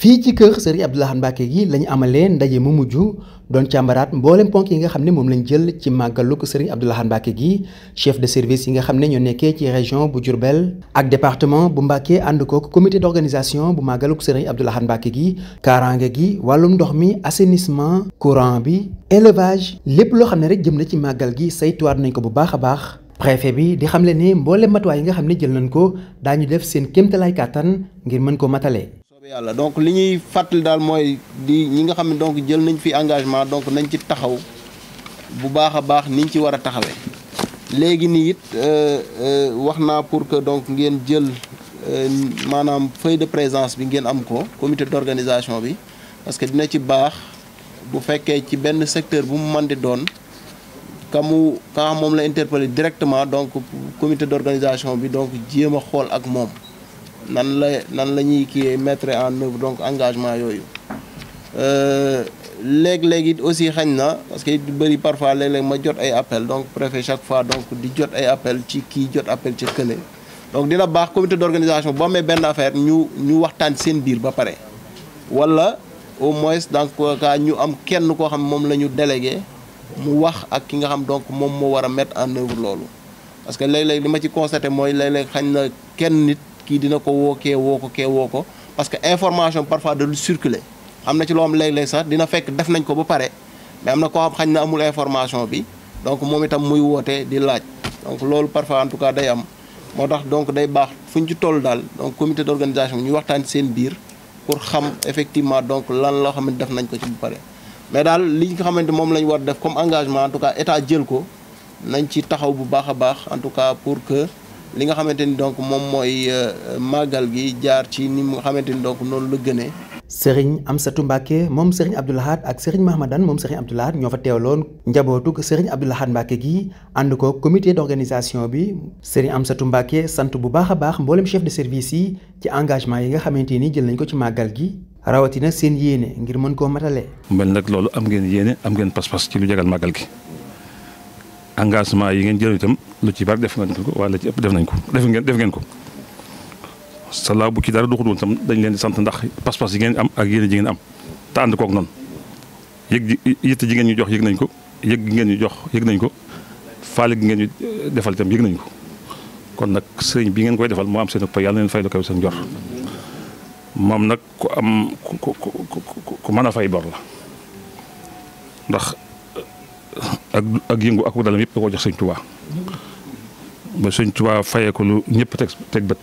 fii ci kër Serigne Abdou Lahad Mbacké gi la ñu amalee ndaje mu mujj doon càmbaraat mboolem ponk yi nga xam ne moom lañ jël ci màggaluk Serigne Abdou Lahad Mbacké gi chef de service yi nga xam ne ñoo nekkee ci région bu Diourbel ak département bu mbakkee ànd kook comité d'organisation bu màggaluk Serigne Abdou Lahad Mbacké gi kaaraange gi wàllum ndox mi assainissement courant bi élevage lépp loo xam ne rek jëm na ci màggal gi saytuwaat nañ ko bu baax a baax préfet bi di xamle ne mboolem matuwaay yi nga xam ne jël nañ ko daañu def seen kéemtalaay kàttan ngir mën ko matale yàlla donc li ñuy fàttali daal mooy di ñi nga xam ne donc jël nañ fi engagement donc nañ ci taxaw bu baax a baax niñ ci war a taxawee léegi nii it euh, euh, wax naa pour que donc ngeen jël euh, maanaam feuille de présence bi ngeen am ko comité d'organisation bi parce que dina ci baax bu fekkee ci benn secteur bu mu man di doon ka mu moom la interpellé directement donc comité d'organisation bi donc jéem a xool ak moom nan la nan la ñuy kii mettre en œuvre donc engagement yooyu euh, léeg-léeg it aussi xañ na parce que du bëri parfois léeg-léeg ma jot ay appel donc préfet chaque fois donc di jot ay appel ci kii jot appel ci kële donc dina baax comité d'organisation boo amee benn affaire ñu ñu waxtaan seen biir ba pare wala au moins donc ka ñu am kenn koo xam moom la ñu délégué mu wax ak ki nga xam donc moom moo war a mettre en œuvre loolu parce que léeg-léeg li ma ci constaté mooy léeg-léeg xañ na kenn nit kii dina ko woo kee woo ko kee woo ko parce que information parfois da dul circuler am na ci loo xam léeg-léeg sax dina fekk def nañ ko ba pare mais am na ko xam xañ na amul information bi donc moom itam muy woote di laaj donc loolu parfois en tout cas day am moo tax donc day baax fu ñu ci toll daal donc comité d'organisation ñu waxtaan seen biir pour xam effectivement donc lan loo xam ne def nañ ko ci bu pare mais daal li nga xamante moom la ñu war def comme engagement en tout cas état ko nañ ci taxaw bu baax a baax en cas pour que li nga xamante ni donc moom mooy euh, màggal gi jaar ci ni mu xamante ni donc noonu la gënee. Serigne Amsatou Mbacke moom Serigne Abdou Lahad ak Serigne Mahamadan moom Serigne Abdou Lahad ñoo fa teewloon njabootug Serigne Abdou Lahad Mbacke gi ànd ko comité d'organisation bi Serigne Amsatou Mbacke sant bu baax a baax mboolem chef de service yi ci engagement yi nga xamante ni jël nañ ko ci màggal gi rawatina seen yéene ngir mën koo matale. mel nag loolu am ngeen yéene am ngeen pas ci lu jagal màggal gi. engagement yi ngeen jëloon itam lu ci bari def ngeen ko wala ci ëpp def nañ ko def ngeen def ngeen ko salaa bu ci dara duxut woon tam dañ leen di sant ndax pas-pas yi ngeen am ak yéene ji ngeen am te kook noonu yëg ji yitte ñu jox yëg nañ ko yëg ngeen ñu jox yëg nañ ko faale gi ngeen ñu defal tam yëg nañ ko kon nag sëriñ bi ngeen koy defal moo am seen pay yàlla na fay lu kaw seen jor moom nag ko am ku ku mën a fay bor la ndax ak yëngu ak dalam yëpp da koo jox sëñ Tuubaa ba sëñ Tuubaa fayee ko lu ñëpp teg bët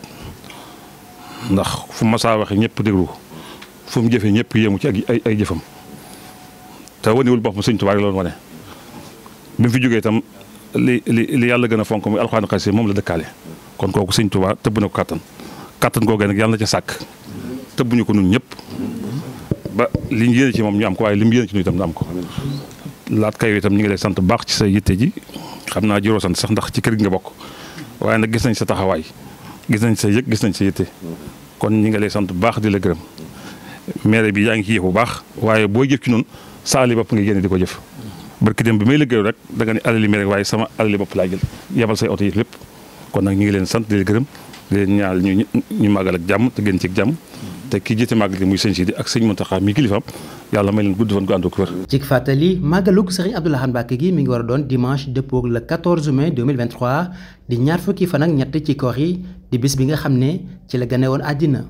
ndax fu masaa waxe ñëpp déglu ko fu mu ñëpp yéemu ci ak ay ay jëfam te wanewul boppam sëñ Tuubaa rek la wane bi mu fi jógee tam li li li yàlla gën a fonk muy alxuraan xasee moom la dëkkaale kon kooku sëñ Tuubaa tëbb na ko kàttan kàttan googee nag yàlla na ca sàkk tëbbuñu ko nun ñëpp ba li ñu yéene ci moom ñu am ko waaye li mu yéene ci nu na am ko laat kayo itam ñu ngi lay sant baax ci sa yitte ji xam naa juróo sant sax ndax ci kër gi nga bokk waaye nag gis nañ sa taxawaay gis nañ sa yëg gis nañ sa yitte kon ñu ngi lay sant baax di la gërëm maire bi yaa ngi ci bu baax waaye boo jëf ci noonu sa alali bopp nga génne di ko jëf barki dem bi may liggéey rek da nga ne alali maire waaye sama alali bopp laa jël yabal say oto yi lépp kon nag ñu ngi leen sant di la gërëm di leen ñaal ñu ñu màggal ak jàmm te génn ci jàmm te ki jiite màggal gi muy sëñ Sidi ak sëñ Mountakha mi kilifaam yàlla may leen gudd fan gu ànd ak wér. ci fàttali màggalug Serigne Abdou Lahad gi mi ngi war a doon dimanche dëppoog le 14 di ñaar fukki fan ak ñett ci koor yi di bis bi nga xam ne ci la gane woon àddina.